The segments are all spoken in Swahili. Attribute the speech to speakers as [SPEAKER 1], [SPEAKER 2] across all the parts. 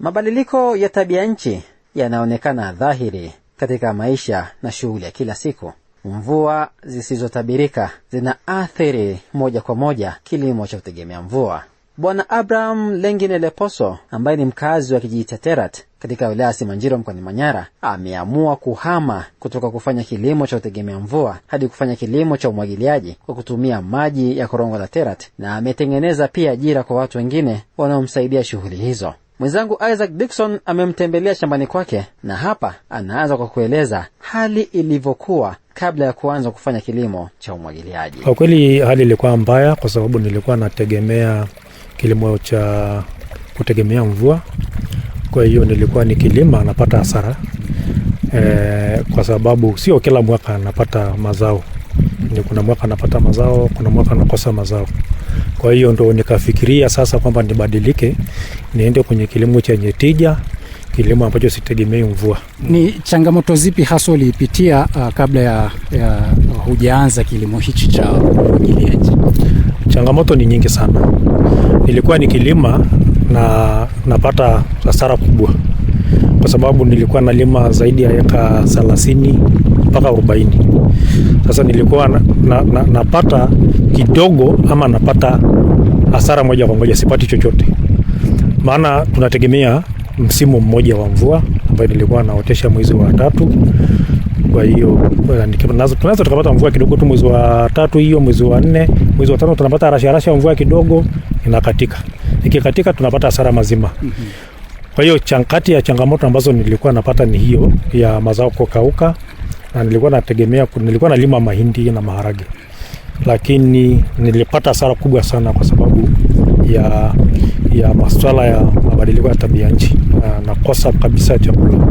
[SPEAKER 1] Mabadiliko ya tabia nchi yanaonekana dhahiri katika maisha na shughuli ya kila siku. Mvua zisizotabirika zina athiri moja kwa moja kilimo cha kutegemea mvua. Bwana Abraham Lengine Leposo, ambaye ni mkazi wa kijiji cha Terat katika wilaya ya Simanjiro mkwani Manyara, ameamua kuhama kutoka kufanya kilimo cha kutegemea mvua hadi kufanya kilimo cha umwagiliaji kwa kutumia maji ya korongo la Terat, na ametengeneza pia ajira kwa watu wengine wanaomsaidia shughuli hizo. Mwenzangu Isaac Dikson amemtembelea shambani kwake na hapa anaanza kwa kueleza hali ilivyokuwa kabla ya kuanza kufanya kilimo cha umwagiliaji.
[SPEAKER 2] Kwa kweli hali ilikuwa mbaya, kwa sababu nilikuwa nategemea kilimo cha kutegemea mvua, kwa hiyo nilikuwa ni kilima napata hasara e, kwa sababu sio kila mwaka napata mazao ndio, kuna mwaka napata mazao, kuna mwaka nakosa mazao. Kwa hiyo ndo nikafikiria sasa kwamba nibadilike niende kwenye kilimo chenye tija, kilimo ambacho sitegemei mvua.
[SPEAKER 3] Ni changamoto zipi hasa uliipitia uh, kabla ya, ya hujaanza kilimo hichi cha umwagiliaji?
[SPEAKER 2] Changamoto ni nyingi sana. Nilikuwa nikilima na napata hasara kubwa, kwa sababu nilikuwa nalima zaidi ya eka thelathini mpaka 40. Sasa nilikuwa na, na, na, napata kidogo ama napata hasara moja kwa moja, sipati chochote, maana tunategemea msimu mmoja wa mvua ambayo nilikuwa naotesha mwezi wa tatu. Kwa hiyo eh, tunazo tukapata mvua kidogo tu mwezi wa tatu hiyo, mwezi wa nne, mwezi wa tano tunapata rasha rasha mvua kidogo inakatika, ikikatika tunapata hasara mazima. Mhm. Kwa hiyo kati ya changamoto ambazo nilikuwa napata ni hiyo ya mazao kukauka na nilikuwa nategemea, nilikuwa nalima mahindi na maharage, lakini nilipata hasara kubwa sana kwa sababu ya, ya masuala ya mabadiliko ya tabia nchi na nakosa kabisa chakula.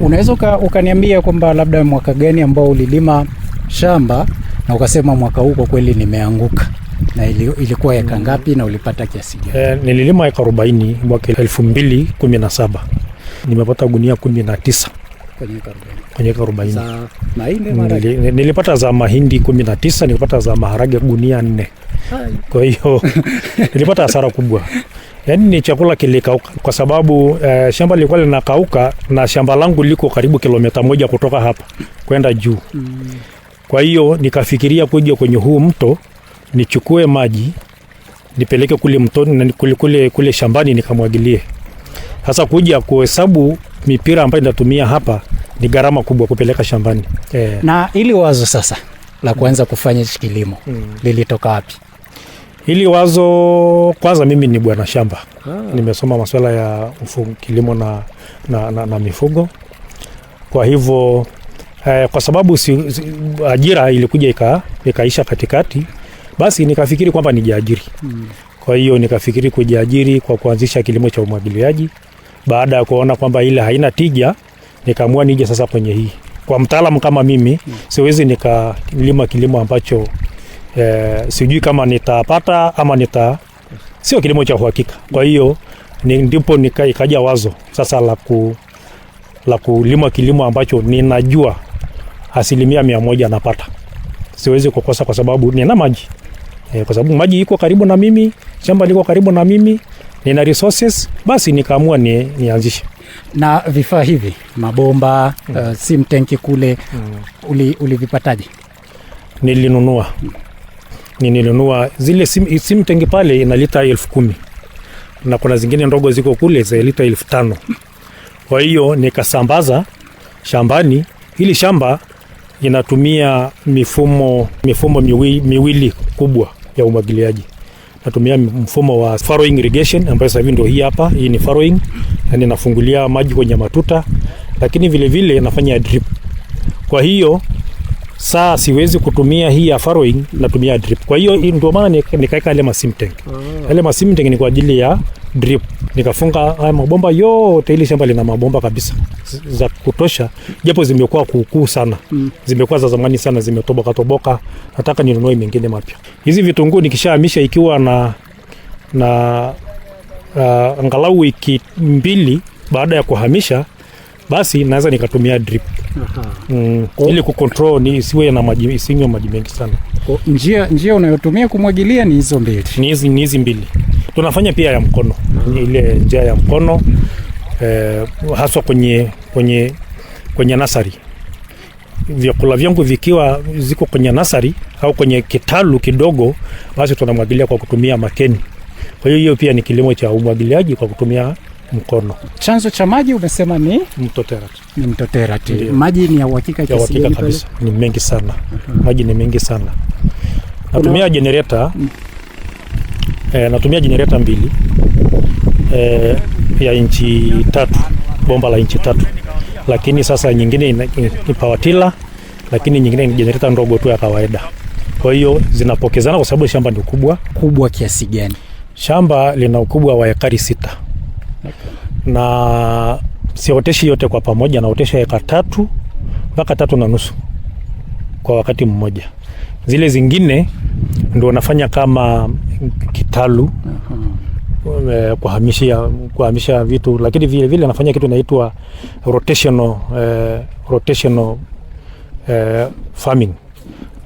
[SPEAKER 3] Unaweza ukaniambia kwamba labda mwaka gani ambao ulilima shamba na ukasema mwaka huu kwa kweli nimeanguka, na ilikuwa eka mm. ngapi na ulipata kiasi gani?
[SPEAKER 2] E, nililima eka 40 mwaka 2017 nimepata gunia tisa kwenye eka arobaini. Nili, nilipata za mahindi kumi na tisa, nilipata za maharage gunia nne. Kwa hiyo nilipata hasara kubwa, yaani ni chakula kilikauka kwa sababu eh, shamba lilikuwa linakauka na shamba langu liko karibu kilomita moja kutoka hapa kwenda juu hmm. Kwa hiyo nikafikiria kuja kwenye huu mto nichukue maji nipeleke kule mtoni kule, kule, kule shambani nikamwagilie sasa kuja kuhesabu mipira ambayo inatumia hapa ni gharama kubwa kupeleka shambani
[SPEAKER 3] eh. eh. Na ili wazo sasa la kuanza kufanya hichi kilimo mm, lilitoka wapi?
[SPEAKER 2] Hili wazo kwanza, mimi ni bwana shamba ah. Nimesoma masuala ya ufungu, kilimo na, na, na, na mifugo. Kwa hivyo eh, kwa sababu si, si, ajira ilikuja ika, ikaisha katikati, basi nikafikiri kwamba nijiajiri mm. Kwa hiyo nikafikiri kujiajiri kwa kuanzisha kilimo cha umwagiliaji baada ya kuona kwamba ile haina tija, nikaamua nije sasa kwenye hii. Kwa mtaalamu kama mimi siwezi nikalima kilimo ambacho eh, sijui kama nitapata ama nita, sio kilimo cha uhakika. Kwa hiyo ndipo ikaja wazo sasa la ku la kulima kilimo ambacho ninajua asilimia mia moja napata, siwezi kukosa kwa sababu nina maji e, kwa sababu maji iko karibu na mimi, shamba liko karibu na mimi nina resources, basi nikaamua ni, nianzishe
[SPEAKER 3] na vifaa hivi mabomba mm. Uh, sim tenki kule mm. Ulivipataje?
[SPEAKER 2] Uli nilinunua mm. Nilinunua zile sim, sim tenki pale ina lita elfu kumi na kuna zingine ndogo ziko kule za lita elfu tano Kwa hiyo nikasambaza shambani. Hili shamba inatumia mifumo, mifumo miwi, miwili kubwa ya umwagiliaji natumia mfumo wa furrowing irrigation ambayo sasa hivi ndio hii hapa. Hii ni furrowing, na nafungulia maji kwenye matuta, lakini vile vile nafanya drip. Kwa hiyo saa siwezi kutumia hii ya furrowing, natumia drip. Kwa hiyo ndio maana nikaweka ile masim tank. Ile ah. masim tank ni kwa ajili ya drip nikafunga haya mabomba yote, ili shamba lina mabomba kabisa za kutosha, japo zimekuwa kuukuu sana mm. Zimekuwa za zamani sana, zimetoboka toboka, nataka ninunue mengine mapya. Hizi vitunguu nikishahamisha ikiwa na na uh, angalau wiki mbili baada ya kuhamisha, basi naweza nikatumia drip mm, ili kucontrol ni isiwe na maji, isinywe maji mengi sana.
[SPEAKER 3] Njia, njia unayotumia kumwagilia ni hizo mbili,
[SPEAKER 2] ni hizi mbili tunafanya pia ya mkono ile njia ya mkono eh, haswa kwenye, kwenye, kwenye nasari vyakula vyangu vikiwa ziko kwenye nasari au kwenye kitalu kidogo, basi tunamwagilia kwa kutumia makeni. Kwa hiyo hiyo pia ni kilimo cha umwagiliaji kwa kutumia mkono.
[SPEAKER 3] Chanzo cha maji umesema ni mto Terrat. Ni mto Terrat. Maji ni ya uhakika kiasi gani? Kabisa,
[SPEAKER 2] ni mengi sana. Maji ni mengi sana. Natumia jenereta mm e, natumia jenereta mbili e, ya inchi tatu, bomba la inchi tatu, lakini sasa nyingine ni tiller, lakini nyingine ni jenereta ndogo tu ya kawaida. Kwa hiyo zinapokezana kwa sababu shamba ni kubwa.
[SPEAKER 3] Kubwa kiasi gani?
[SPEAKER 2] Shamba lina ukubwa wa ekari sita. Okay. Na sioteshi yote kwa pamoja, naotesha eka tatu mpaka tatu na nusu kwa wakati mmoja. Zile zingine ndio wanafanya kama kitalu eh, kuhamishia kuhamisha vitu, lakini vile vile anafanya kitu inaitwa rotational eh, rotational eh, farming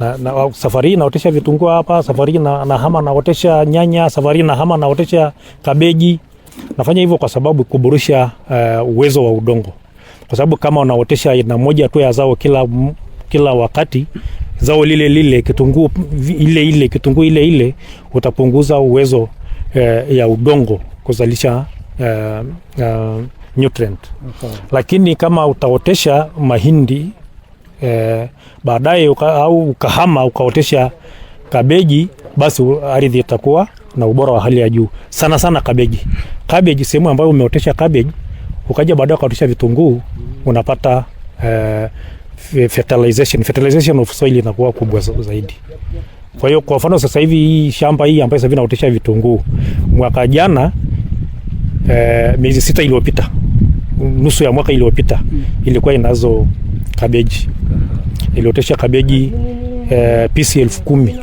[SPEAKER 2] na, na, safari naotesha vitungua hapa, safari na, na hama naotesha nyanya, safari na hama naotesha kabeji. Nafanya hivyo kwa sababu kuboresha uh, uwezo wa udongo, kwa sababu kama unaotesha aina moja tu ya zao kila kila wakati zao lile lile, kitunguu ile ile, kitunguu ile ile, utapunguza uwezo eh, ya udongo kuzalisha eh, eh, nutrient. Okay. Lakini kama utaotesha mahindi eh, baadaye uka, au ukahama ukaotesha kabeji, basi ardhi itakuwa na ubora wa hali ya juu sana sana. Kabeji, kabeji sehemu ambayo umeotesha kabeji ukaja baadaye ukaotesha vitunguu unapata eh, fertilization, fertilization of soil inakuwa kubwa zaidi. Kwa hiyo kwa mfano sasa hivi hii shamba hii ambayo sasa hivi naotesha vitunguu, mwaka jana eh, miezi sita iliyopita, nusu ya mwaka iliyopita ilikuwa inazo kabeji, iliotesha kabeji eh, pisi elfu kumi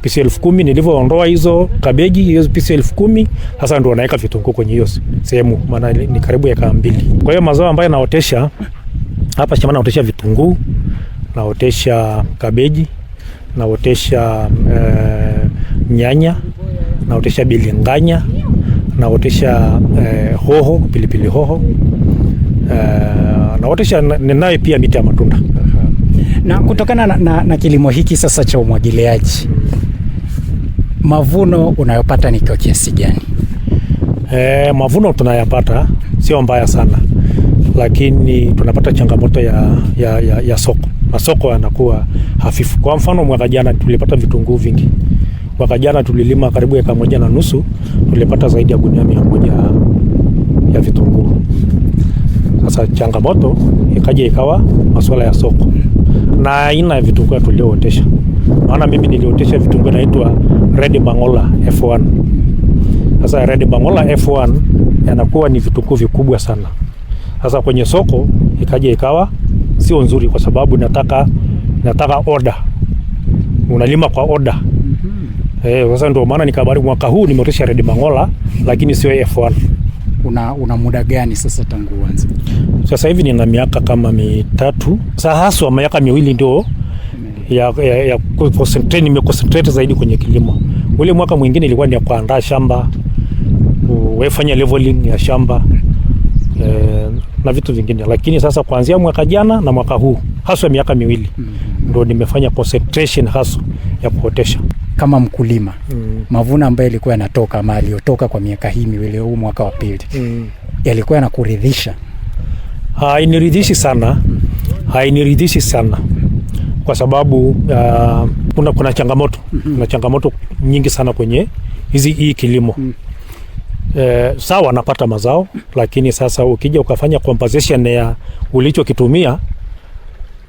[SPEAKER 2] pisi elfu kumi nilivyoondoa hizo kabeji hizo pisi elfu kumi sasa ndo naweka vitunguu kwenye hiyo sehemu, maana ni karibu eka mbili. Kwa hiyo mazao ambayo naotesha hapa shambani naotesha vitunguu, naotesha kabeji, naotesha eh, nyanya, naotesha bilinganya, naotesha eh, hoho, pilipili hoho eh, naotesha ninayo pia miti ya matunda.
[SPEAKER 3] Na kutokana na, na, na kilimo hiki sasa cha umwagiliaji, mavuno unayopata ni kwa kiasi gani?
[SPEAKER 2] Eh, mavuno tunayapata sio mbaya sana lakini tunapata changamoto ya, ya, ya, ya soko. Masoko yanakuwa hafifu. Kwa mfano mwaka jana tulipata vitunguu vingi. Mwaka jana tulilima karibu eka moja na nusu, tulipata zaidi ya gunia mia moja ya vitunguu. Sasa changamoto ikaja ikawa masuala ya soko na aina ya vitunguu tuliootesha. Maana mimi niliotesha vitunguu inaitwa Red Bangola F1. Sasa Red Bangola F1 yanakuwa ni vitunguu vikubwa sana. Sasa kwenye soko ikaja ikawa sio nzuri, kwa sababu nataka nataka order, unalima kwa order mm -hmm. Eh, sasa ndio maana nikabari mwaka huu nimerusha Red Mang'ola lakini sio F1.
[SPEAKER 3] Una, una muda gani sasa tangu uanze?
[SPEAKER 2] Sasa hivi nina miaka kama mitatu sasa, haswa miaka miwili ndio ya, ya, ya concentrate, nimeconcentrate zaidi kwenye kilimo. Ule mwaka mwingine ilikuwa ni kuandaa shamba, wefanya leveling ya shamba eh, na vitu vingine, lakini sasa kuanzia mwaka jana na mwaka huu haswa miaka miwili mm mm-hmm. ndo nimefanya concentration haswa ya kuotesha
[SPEAKER 3] kama mkulima mm. mavuno ambayo yalikuwa yanatoka ama aliyotoka kwa miaka hii miwili, huu mwaka wa pili mm. yalikuwa yanakuridhisha?
[SPEAKER 2] Hainiridhishi sana, hainiridhishi sana kwa sababu uh, kuna, kuna changamoto mm -hmm. kuna changamoto nyingi sana kwenye hizi hii kilimo mm e, sawa anapata mazao, lakini sasa ukija ukafanya compensation ya ulichokitumia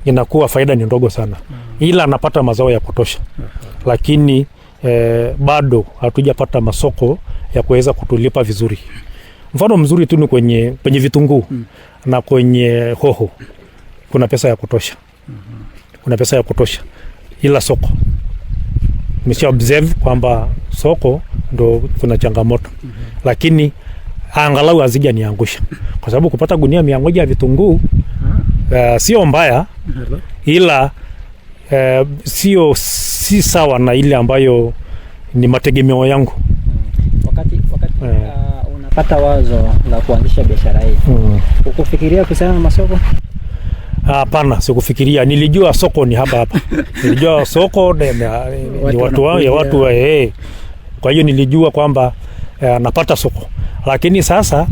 [SPEAKER 2] inakuwa faida ni ndogo sana, mm. ila anapata mazao ya kutosha, mm. lakini e, bado hatujapata masoko ya kuweza kutulipa vizuri. Mfano mzuri tu ni kwenye, kwenye vitunguu mm. na kwenye hoho kuna pesa ya kutosha mm-hmm. kuna pesa ya kutosha ila soko, nimesha observe kwamba soko ndo kuna changamoto mm -hmm. Lakini angalau azija niangusha kwa sababu kupata gunia mia moja ya vitunguu uh, sio mbaya ila uh, sio si sawa na ile ambayo ni mategemeo yangu
[SPEAKER 3] hmm. Wakati, wakati uh, uh, unapata wazo la kuanzisha biashara hii hmm. Ukufikiria kusiana na masoko?
[SPEAKER 2] Hapana, sikufikiria. Nilijua soko ni hapa hapa, nilijua soko ni watu wa, watu wa, kwa hiyo nilijua kwamba eh, napata soko, lakini sasa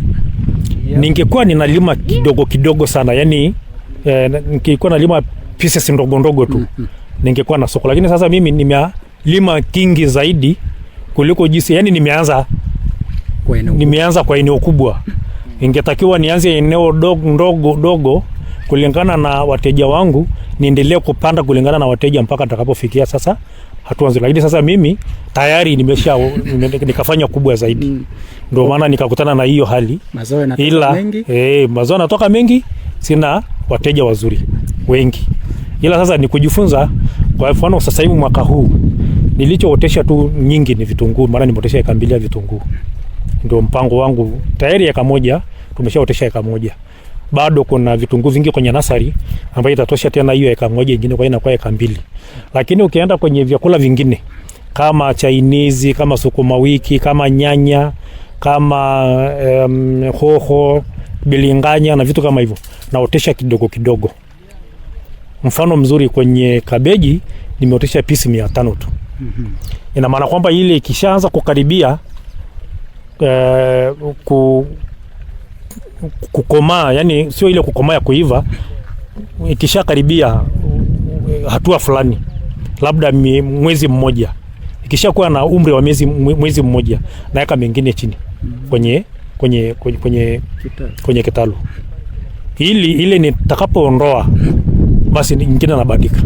[SPEAKER 2] ningekuwa ninalima kidogo kidogo sana yani eh, nikikuwa nalima pieces ndogo ndogo tu mm-hmm. ningekuwa na soko, lakini sasa mimi nimelima kingi zaidi kuliko jinsi yani nimeanza nimeanza kwa eneo kubwa, mm-hmm. ingetakiwa nianze eneo dogo ndogo dogo kulingana na wateja wangu, niendelee kupanda kulingana na wateja mpaka atakapofikia sasa hatua nzuri. Lakini sasa mimi tayari nimesha nikafanya kubwa zaidi mm. Ndio maana nikakutana na hiyo hali ila mengi. Eh, mazao yanatoka mengi, sina wateja wazuri wengi, ila sasa ni kujifunza. Kwa mfano sasa hivi mwaka huu nilichootesha tu nyingi ni vitunguu, maana nimeotesha eka mbili ya vitunguu, ndio mpango wangu. Tayari eka moja tumeshaotesha eka moja bado kuna vitunguu vingi kwenye nasari ambayo itatosha tena hiyo eka moja ingine kwa inakuwa eka mbili. Lakini ukienda kwenye vyakula vingine kama chainizi, kama sukuma wiki, kama nyanya, kama um, hoho, bilinganya na vitu kama hivyo, naotesha kidogo kidogo. Mfano mzuri kwenye kabeji nimeotesha pisi mia tano tu. Ina maana kwamba ile ikishaanza kukaribia eh, ku kukomaa, yani sio ile kukomaa ya kuiva, ikishakaribia eh, hatua fulani, labda mwezi mmoja, ikishakuwa na umri wa mwezi mwezi mmoja, naweka mengine chini kwenye kwenye kwenye kwenye, kwenye kitalu ili ile nitakapoondoa basi nyingine nabandika.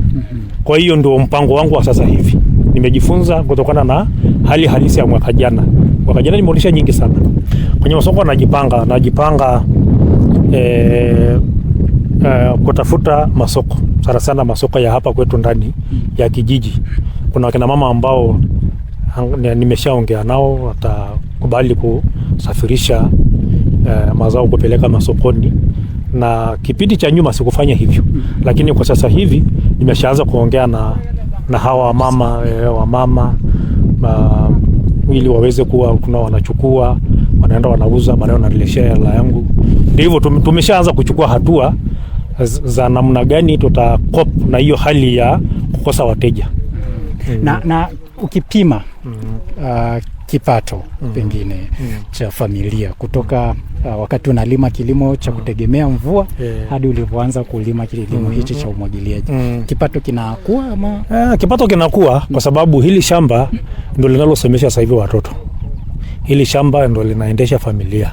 [SPEAKER 2] Kwa hiyo ndio mpango wangu wa sasa hivi, nimejifunza kutokana na hali halisi ya mwaka jana. Mwaka jana nimeonesha nyingi sana kwenye masoko, najipanga najipanga eh, eh, kutafuta masoko sana sana masoko ya hapa kwetu ndani ya kijiji. Kuna wakina mama ambao nimeshaongea nao watakubali kusafirisha eh, mazao kupeleka masokoni, na kipindi cha nyuma sikufanya hivyo, lakini kwa sasa hivi nimeshaanza kuongea na, na hawa wamama eh, wamama ili waweze kuwa kuna wanachukua wanaenda wanauza, baadaye wanarejeshea hela yangu. Ndio hivyo, tumeshaanza kuchukua hatua za namna gani tutakop na hiyo hali ya kukosa wateja.
[SPEAKER 3] Hmm. Na, na ukipima hmm. uh, kipato mm. pengine mm. cha familia kutoka uh, wakati unalima kilimo cha mm. kutegemea mvua yeah. hadi ulivyoanza kulima kilimo mm. hichi cha umwagiliaji mm. kipato kinakuwa ama
[SPEAKER 2] eh, kipato kinakuwa mm. kwa sababu hili shamba ndo linalosomesha sasa hivi watoto, hili shamba ndo linaendesha familia.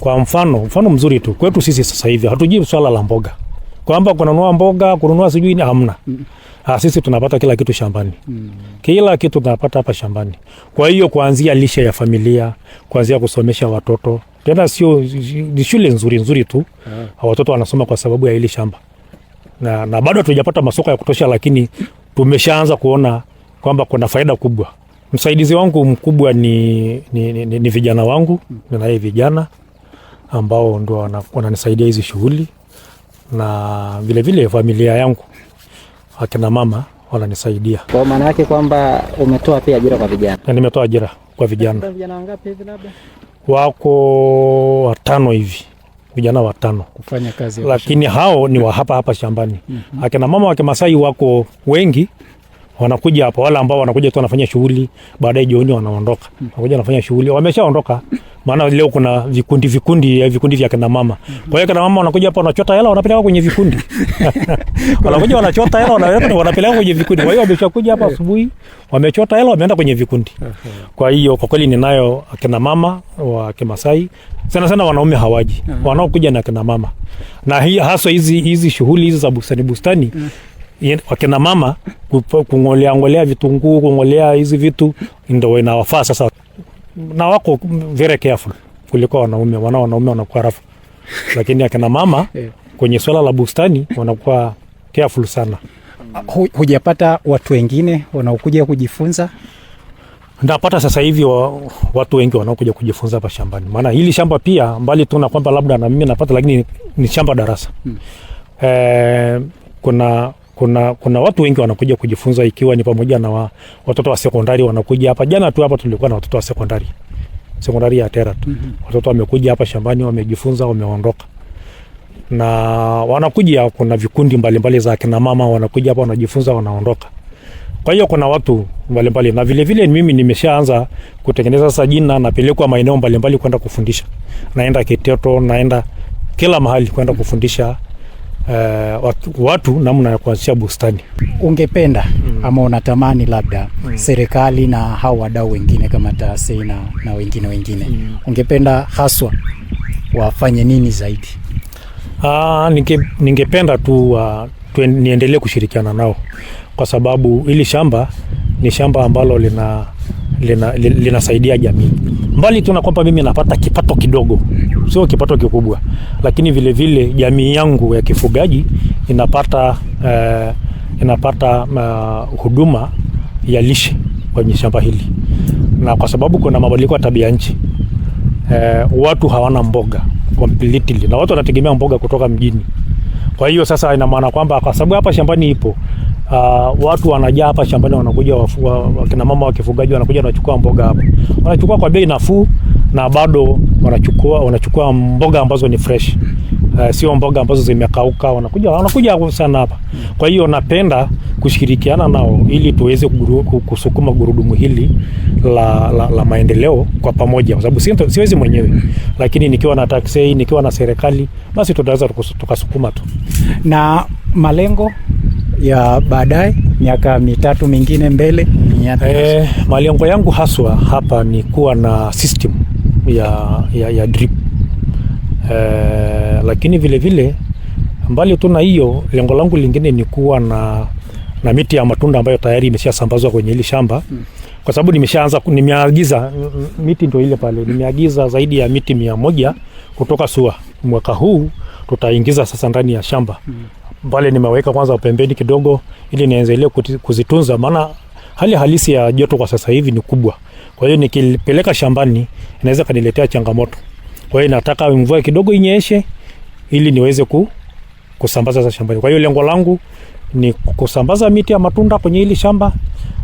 [SPEAKER 2] Kwa mfano, mfano mzuri tu kwetu sisi sasa hivi hatujui swala la mboga kwamba kununua mboga, kununua sijui hamna. Mm. Ha, ah, sisi tunapata kila kitu shambani. Mm. Kila kitu tunapata hapa shambani. Kwa hiyo kuanzia lishe ya familia, kuanzia kusomesha watoto, tena sio ni shule nzuri nzuri tu. Ah. Watoto wanasoma kwa sababu ya hili shamba. Na, na bado hatujapata masoko ya kutosha, lakini tumeshaanza kuona kwamba kuna faida kubwa. Msaidizi wangu mkubwa ni, ni, ni, ni vijana wangu, mm. ninaye vijana ambao ndio wananisaidia hizi shughuli na vilevile familia yangu akina mama wananisaidia.
[SPEAKER 3] Kwa maana yake kwamba umetoa pia ajira kwa vijana?
[SPEAKER 2] nimetoa ajira kwa vijana.
[SPEAKER 3] Vijana wangapi hivi? Labda
[SPEAKER 2] wako watano hivi, vijana watano kufanya kazi, lakini hao ni wa hapa hapa shambani. mm -hmm. Akina mama wa Kimasai wako wengi wanakuja hapa, wale ambao wanakuja tu wanafanya shughuli, baadaye jioni wanaondoka, mm. wanakuja wanafanya shughuli, wameshaondoka. Maana leo kuna vikundi vikundi eh, vikundi vya kina mama. Mm-hmm. Kwa hiyo kina mama wanakuja hapa wanachota hela wanapeleka kwenye vikundi. Wanakuja wanachota hela wanaweka wanapeleka kwenye vikundi. Kwa hiyo wameshakuja hapa asubuhi, wamechota hela wameenda kwenye vikundi. Uh-huh. Kwa hiyo kwa kweli ninayo kina mama wa Kimasai. Sana sana wanaume hawaji. Uh-huh. Wanaokuja na kina mama. Na hii haswa hizi hizi shughuli hizi za bustani bustani mm wakina mama kungolea ngolea vitunguu, kungolea hizi vitu ndo inawafaa sasa, na wako very careful kuliko wanaume. Wana wanaume wanakuwa rafu, lakini akina mama eh. kwenye swala la bustani wanakuwa careful sana.
[SPEAKER 3] Hujapata watu wengine wanaokuja kujifunza?
[SPEAKER 2] Ndapata sasa hivi wa, watu wengi wanaokuja kujifunza hapa shambani, maana hili shamba pia mbali tuna kwamba labda na mimi napata, lakini ni shamba darasa hmm. E, kuna kuna, kuna watu wengi wanakuja kujifunza ikiwa ni pamoja na wa, watoto wa sekondari wanakuja hapa. Jana tu hapa tulikuwa na watoto wa sekondari sekondari ya Terat mm -hmm. Watoto wamekuja hapa shambani wamejifunza, wameondoka na wanakuja. Kuna vikundi mbalimbali za kina mama wanakuja hapa wanajifunza, wanaondoka. Kwa hiyo kuna watu mbalimbali na vilevile vile, mimi nimeshaanza kutengeneza sasa jina, napelekwa maeneo mbalimbali kwenda kufundisha, naenda Kiteto, naenda kila mahali kwenda kufundisha mm -hmm uh, watu, watu namna ya kuanzisha bustani.
[SPEAKER 3] Ungependa mm. ama unatamani labda mm. serikali na hao wadau wengine kama taasisi na, na wengine wengine mm. ungependa haswa wafanye nini zaidi?
[SPEAKER 2] Ah, ninge, ningependa tu uh, niendelee kushirikiana nao kwa sababu hili shamba ni shamba ambalo lina lina, linasaidia jamii mbali tu na kwamba mimi napata kipato kidogo, sio kipato kikubwa, lakini vilevile vile, jamii yangu ya kifugaji inapata eh, inapata uh, huduma ya lishe kwenye shamba hili, na kwa sababu kuna mabadiliko ya tabia nchi eh, watu hawana mboga completely, na watu wanategemea mboga kutoka mjini. Kwa hiyo sasa, ina maana kwamba kwa sababu hapa shambani ipo uh, watu wanajaa hapa shambani, wanakuja wakina mama wakifugaji wanakuja wanachukua mboga hapa, wanachukua kwa bei nafuu na bado wanachukua wanachukua mboga ambazo ni fresh uh, sio mboga ambazo zimekauka, wanakuja wanakuja sana hapa. Kwa hiyo napenda kushirikiana nao ili tuweze kusukuma gurudumu hili la, la, la maendeleo kwa pamoja, kwa sababu siwezi mwenyewe, lakini nikiwa na TACSEI nikiwa na serikali, basi tutaweza tukasukuma tu
[SPEAKER 3] na malengo ya baadaye miaka mitatu mingine mbele?
[SPEAKER 2] E, malengo yangu haswa hapa ni kuwa na system ya, ya, ya drip e, lakini vilevile vile, mbali tu na hiyo, lengo langu lingine ni kuwa na, na miti ya matunda ambayo tayari imeshasambazwa kwenye hili shamba hmm. Kwa sababu nimeshaanza nimeagiza miti ndio ile pale, nimeagiza zaidi ya miti mia moja kutoka SUA. Mwaka huu tutaingiza sasa ndani ya shamba hmm pale nimeweka kwanza pembeni kidogo, ili niendelee kuzitunza, maana hali halisi ya joto kwa sasa hivi ni kubwa. Kwa hiyo nikipeleka shambani inaweza kaniletea changamoto. Kwa hiyo nataka mvua kidogo inyeshe ili niweze ku, kusambaza za shambani. Kwa hiyo lengo langu ni kusambaza miti ya matunda kwenye hili shamba,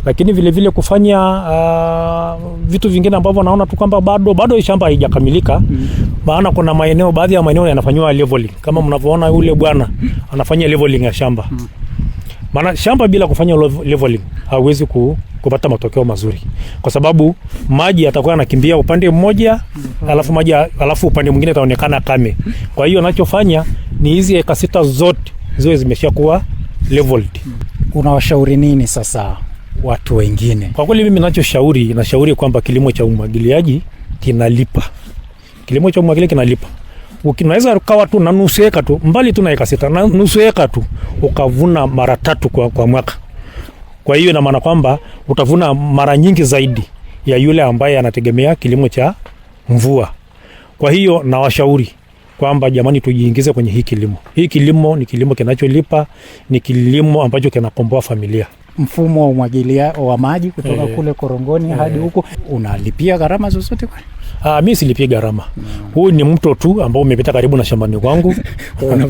[SPEAKER 2] lakini vile vile kufanya uh, vitu vingine ambavyo naona tu kwamba bado bado shamba haijakamilika mm. Maana kuna maeneo, baadhi ya maeneo yanafanywa leveling kama mnavyoona yule bwana mm-hmm. anafanya leveling ya shamba mm. Maana shamba bila kufanya leveling hauwezi ku, kupata matokeo mazuri, kwa sababu maji yatakuwa yanakimbia upande mmoja mm. alafu maji alafu upande mwingine itaonekana kame. Kwa hiyo anachofanya ni hizi eka sita zote ziwe zimeshakuwa leveled,
[SPEAKER 3] unawashauri nini sasa watu wengine? Kwa
[SPEAKER 2] kweli mimi ninachoshauri, nashauri kwamba kilimo cha umwagiliaji kinalipa. Kilimo cha umwagiliaji kinalipa. Ukinaweza ukawa tu na nusu eka tu, mbali tu na eka sita, na nusu eka tu ukavuna mara tatu kwa, kwa mwaka. Kwa hiyo ina maana kwamba utavuna mara nyingi zaidi ya yule ambaye anategemea kilimo cha mvua. Kwa hiyo nawashauri kwamba jamani, tujiingize kwenye hii kilimo. Hii kilimo ni kilimo kinacholipa, ni kilimo ambacho kinakomboa familia.
[SPEAKER 3] Mfumo wa umwagilia wa maji kutoka hey, eh. kule Korongoni hey, hadi eh. huko unalipia gharama zozote kwani?
[SPEAKER 2] Ah, mimi silipii gharama. Hmm. Huu ni mto tu ambao umepita karibu na shambani kwangu.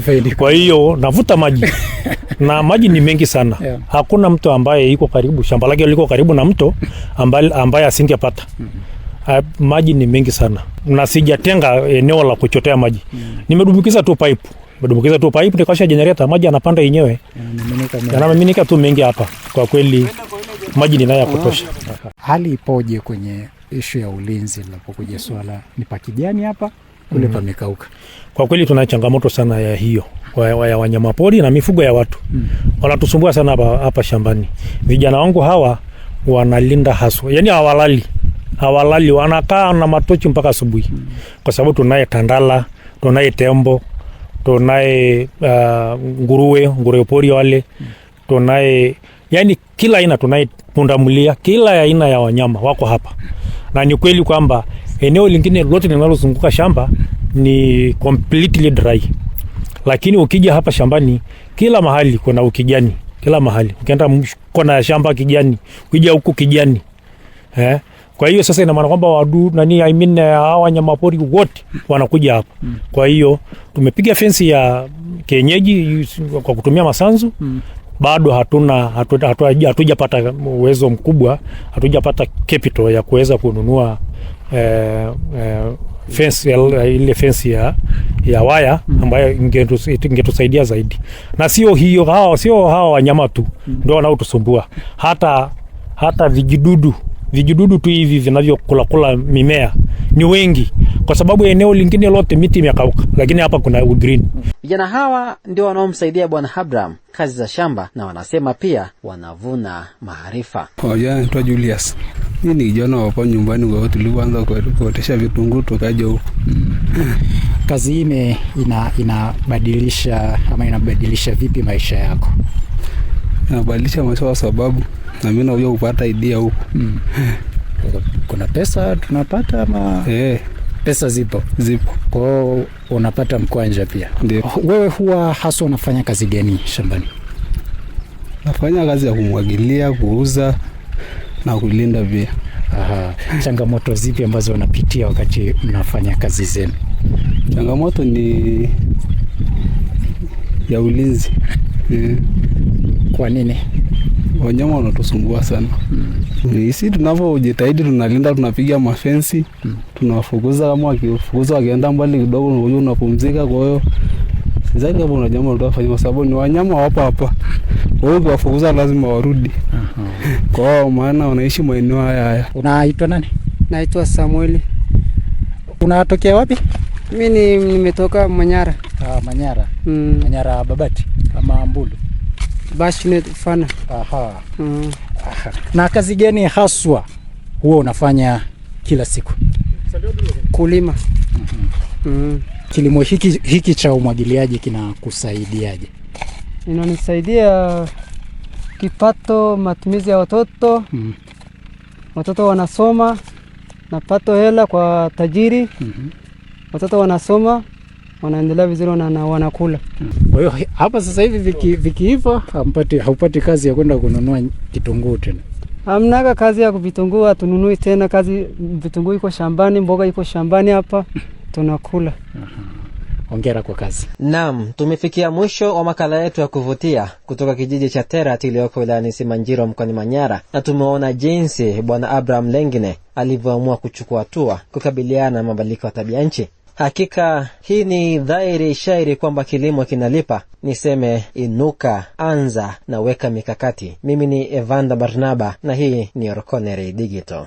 [SPEAKER 2] Eh, kwa hiyo navuta maji na maji ni mengi sana yeah. Hakuna mtu ambaye iko karibu shamba lake liko karibu na mto ambaye, ambaye asingepata mm -hmm. Ah, maji ni mengi sana na sijatenga eneo la kuchotea maji mm. Nimedumbukiza tu pipe, nimedumbukiza tu pipe nikawasha generator, maji yanapanda yenyewe, yanamiminika tu mengi hapa. Kwa kweli maji ninayo ya kutosha.
[SPEAKER 3] Hali ipoje kwenye ishu ya ulinzi linapokuja swala ni pakijani hapa kule mm. pamekauka?
[SPEAKER 2] Kwa kweli tuna changamoto sana ya hiyo ya wanyamapori na mifugo ya watu mm. Wanatusumbua sana hapa hapa shambani. Vijana wangu hawa wanalinda haswa, yani hawalali hawalali, wanakaa na matochi mpaka asubuhi, kwa sababu tunaye tandala, tunaye tembo, tunaye uh, nguruwe, nguruwe pori wale, tunaye yani kila aina, tunaye pundamilia, kila aina ya wanyama wako hapa, na ni kweli kwamba eneo lingine lote linalozunguka shamba ni completely dry, lakini ukija hapa shambani, kila mahali kuna ukijani, kila mahali ukienda kona ya shamba kijani, ukija huku kijani eh? Kwa hiyo sasa ina maana kwamba wadu nani I mean eh, hawa wanyama pori wote wanakuja hapa. Kwa hiyo tumepiga fensi ya kienyeji kwa kutumia masanzu mm. Bado hatuna hatujapata hatu, hatu uwezo mkubwa, hatujapata capital ya kuweza kununua eh, eh, fence ile fensi ya, ya waya ambayo ingetusaidia zaidi, na sio hiyo hawa, sio hawa wanyama tu ndio wanaotusumbua, hata hata vijidudu vijidudu tu hivi vinavyokulakula mimea ni wengi, kwa sababu eneo lingine lote miti imekauka, lakini hapa kuna green.
[SPEAKER 3] Vijana hawa ndio wanaomsaidia Bwana Abraham kazi za shamba, na wanasema pia wanavuna maarifa.
[SPEAKER 2] Oh, naitwa Julius, mi ni kijana wapo nyumbani kwao, tulikuanza kuotesha vitunguu tukaja huku
[SPEAKER 3] kazi hii ina, inabadilisha ama inabadilisha vipi maisha yako?
[SPEAKER 2] nabadilisha maisha kwa sababu na mimi naujua kupata idea huko
[SPEAKER 3] mm. kuna pesa tunapata ama eh. Pesa zipo zipo, kwao unapata mkwanja pia. Ndio. Wewe huwa hasa unafanya kazi gani shambani?
[SPEAKER 2] Nafanya kazi ya kumwagilia, kuuza na kulinda pia.
[SPEAKER 3] Aha. Changamoto zipi ambazo unapitia wakati mnafanya kazi zenu?
[SPEAKER 2] Changamoto ni ya ulinzi.
[SPEAKER 3] Eh. Kwa nini?
[SPEAKER 2] Wanyama wanatusumbua sana hisi. Hmm. tunavo Tunavyojitahidi tunalinda, tunapiga mafensi. Mm. Tunawafukuza, kama wakifukuza wakienda mbali kidogo, unajua unapumzika. Kwa hiyo sizani kama jambo kwa sababu ni wanyama wapo hapa, kwa hiyo ukiwafukuza lazima warudi. Uh-huh. Kwao maana wanaishi maeneo haya haya.
[SPEAKER 3] Unaitwa nani? Naitwa Unatokea wapi?
[SPEAKER 4] Mimi nimetoka Manyara.
[SPEAKER 3] Ah, Manyara. Mm. Manyara Babati ama Mbulu
[SPEAKER 4] passionate sana.
[SPEAKER 3] Aha. Mm. Aha. Na kazi gani haswa huwa unafanya kila siku?
[SPEAKER 4] Kulima. mm
[SPEAKER 3] -hmm. Mm. Kilimo hiki, hiki cha umwagiliaji kinakusaidiaje?
[SPEAKER 4] Inanisaidia kipato, matumizi ya watoto mm. Watoto wanasoma, napato hela kwa tajiri mm -hmm. Watoto wanasoma wanaendelea vizuri wana, wanakula.
[SPEAKER 3] Kwa hiyo hapa sasa hivi vikiiva hampati haupati kazi ya kwenda kununua kitunguu tena.
[SPEAKER 4] Hamnaga kazi ya vitunguu hatununui tena kazi, vitunguu iko shambani, mboga iko shambani hapa tunakula.
[SPEAKER 3] Hongera kwa kazi.
[SPEAKER 1] Naam, tumefikia mwisho wa makala yetu ya kuvutia kutoka kijiji cha Terat iliyoko wilayani Simanjiro mkoani Manyara, na tumeona jinsi Bwana Abraham Lengine alivyoamua kuchukua hatua kukabiliana na mabadiliko ya tabia nchi. Hakika hii ni dhahiri shairi kwamba kilimo kinalipa. Niseme inuka, anza na weka mikakati. Mimi ni Evanda Barnaba na hii ni Orkoneri Digital.